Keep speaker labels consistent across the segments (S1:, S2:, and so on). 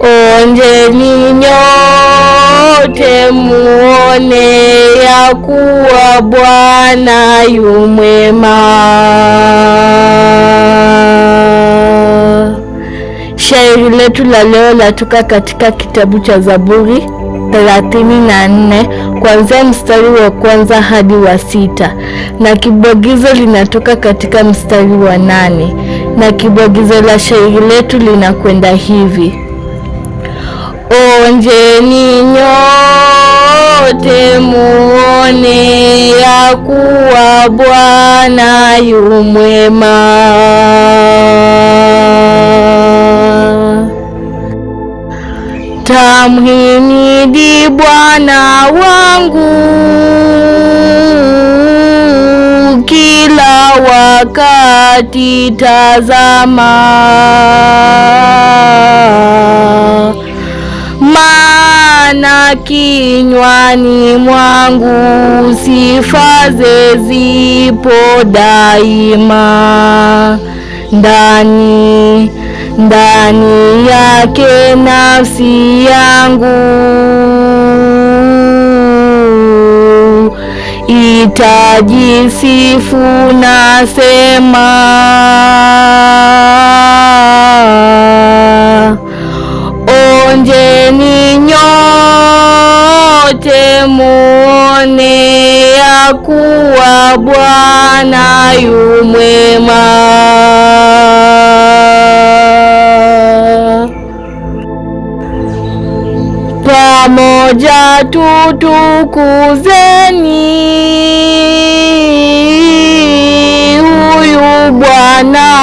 S1: onje ni nyote muone ya kuwa Bwana yumwema Shairi letu la leo latoka katika kitabu cha Zaburi 34 kuanzia mstari wa kwanza hadi wa sita na kibwagizo linatoka katika mstari wa nane na kibwagizo la shairi letu linakwenda hivi: Onjeni nyote muone ya kuwa Bwana yu mwema. Tamhimidi Bwana wangu kila wakati, tazama kinywani mwangu, sifa ze zipo daima ndani ndani yake nafsi yangu itajisifu, nasema wote muone ya kuwa Bwana yu mwema. Pamoja tutukuzeni huyu Bwana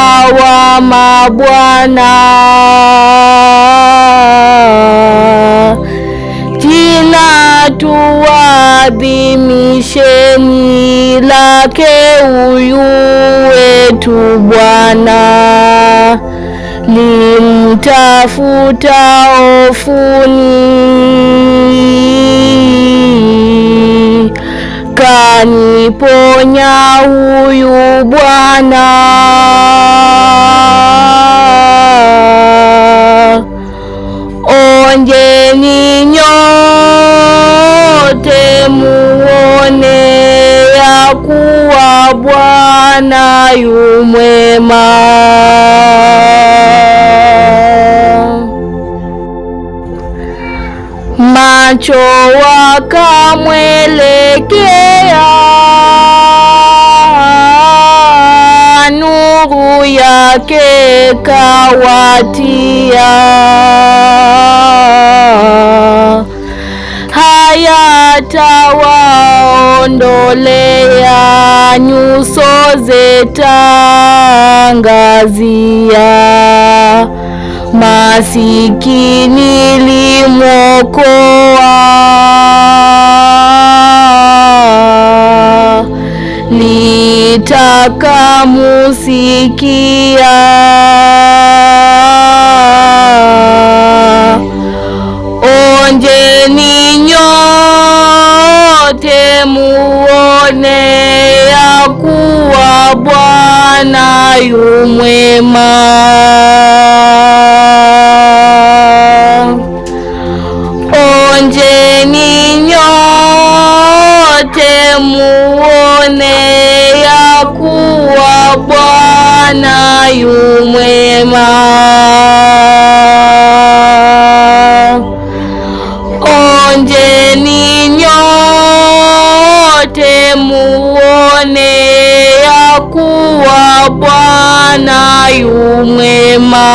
S1: wa mabwana. wake huyu wetu Bwana, limtafuta ofuni Kaniponya huyu Bwana, onjeni nyote Bwana yu mwema. Macho wakamwelekea nuru yake kawatia, hayatawaondolea zetangazia masikini limokoa litakamusikia onjeni nyote muone yaku Bwana yu mwema. Onjeni nyote muone ya kuwa Bwana yu mwema. Onjeni nyote muone kuwa Bwana yu mwema.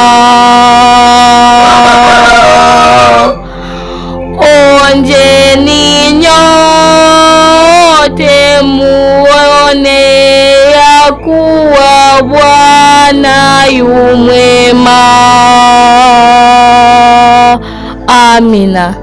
S1: Onjeni nyote muone ya kuwa Bwana yu mwema. Amina.